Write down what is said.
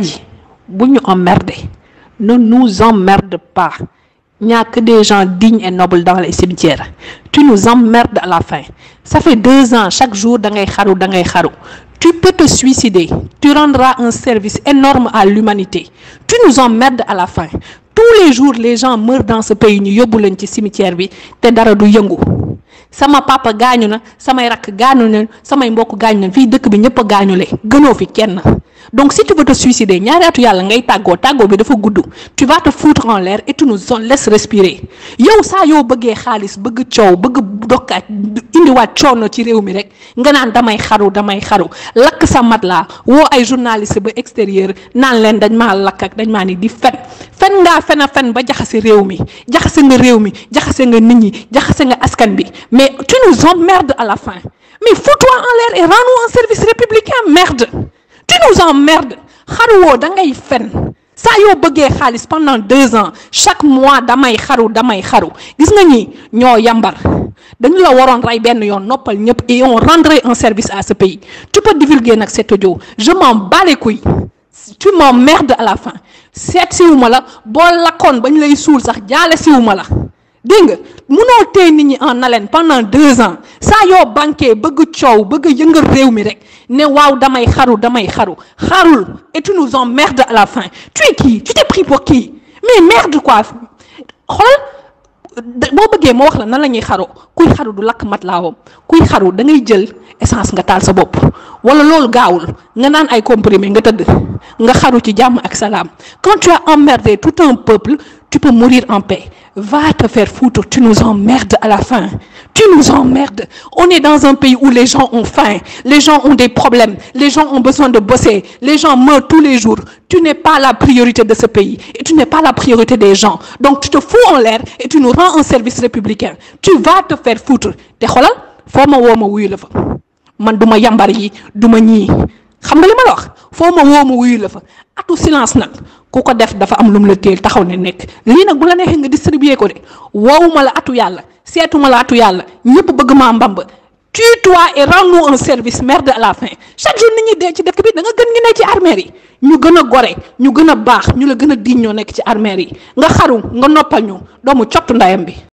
dit nous ne nous emmerde pas il n'y a que des gens dignes et nobles dans les cimetières tu nous emmerdes à la fin ça fait deux ans chaque jour dans tu peux te suicider tu rendras un service énorme à l'humanité tu nous emmerdes à la fin tous les jours les gens meurent dans ce pays ñu yóbbu dans cimetière bi du sama papa pas na samay rak gaañu na samay mbok gaañu na fii bi ñepp a gaañule fi kenn donc si tu veux te suicider ñaari atu ngay bi tu vas te foutre en l'air et tu nous en laisse respirer yow ça yo bëggé xaaliss bëgg bëgg ci réew rek nga damay xaru damay xaru sa ay journaliste ba extérieur nan dañ ak dañ fen ngaa fen a fen ba jaxase réew mi jaxase nga réew mi jaxase nga nit ñi jaxase nga askan bi mais tu nous emmerdes à la fin mais fous-toi en l'air et rends-nous un service républicain merde tu nous emmerdes xaruwoo da ngay fen saa yoo bëggee xaalis pendant deux ans chaque mois damay xaru damay xaru gis nga ñi ñoo yambar dañu la waroon rey benn yoon noppal ñëpp et on rendrait un service à ce pays tu peux divulguer nag cet audio je m'en bats les couilles tu m'emmerdes à la fin seet siouma la boo lakkoon ba ñu lay suul sax jaale siwuma la dégg nga munoo en haleine pendant deux ans sa yo banqué bëgg coow bëgg yëngal réew mi rek ne waw damay xaru damay xaru xarul et tu nous emmerdes à la fin tu es qui tu t'es pris pour qui mais merde quoi hol boo bëggee mo wax la nan la ñuy xaroo kuy xaru du lak mat laawam kuy xaru da ngay jël quand tu as emmerdé tout un peuple tu peux mourir en paix va te faire foutre tu nous emmerdes à la fin tu nous emmerdes on est dans un pays où les gens ont faim les gens ont des problèmes les gens ont besoin de bosser les gens meurent tous les jours tu n'es pas la priorité de ce pays et tu n'es pas la priorité des gens donc tu te fous en l'air et tu nous rends un service républicain tu vas te faire foutre te man du ma yambar yi du ñii xam nga li ma la wax foo ma woo ma wuyu la fa atu silence nag ku ko def dafa am lu mu la téel taxaw ne nekk lii nag bu la neexee nga distribuer ko de woowuma la atu yàlla seetuma la atu yàlla ñëpp bëgg maa mbamb tue-toi et rends-nous un service merde à la fin chaque jour nit ñi dee ci dëkk bi da nga gën ñu ne ci armeer yi ñu gën a gore ñu gën a baax ñu la gën a diñ ñoo nekk ci armeer yi nga xaru nga noppal ñu doomu cottu ndayam bi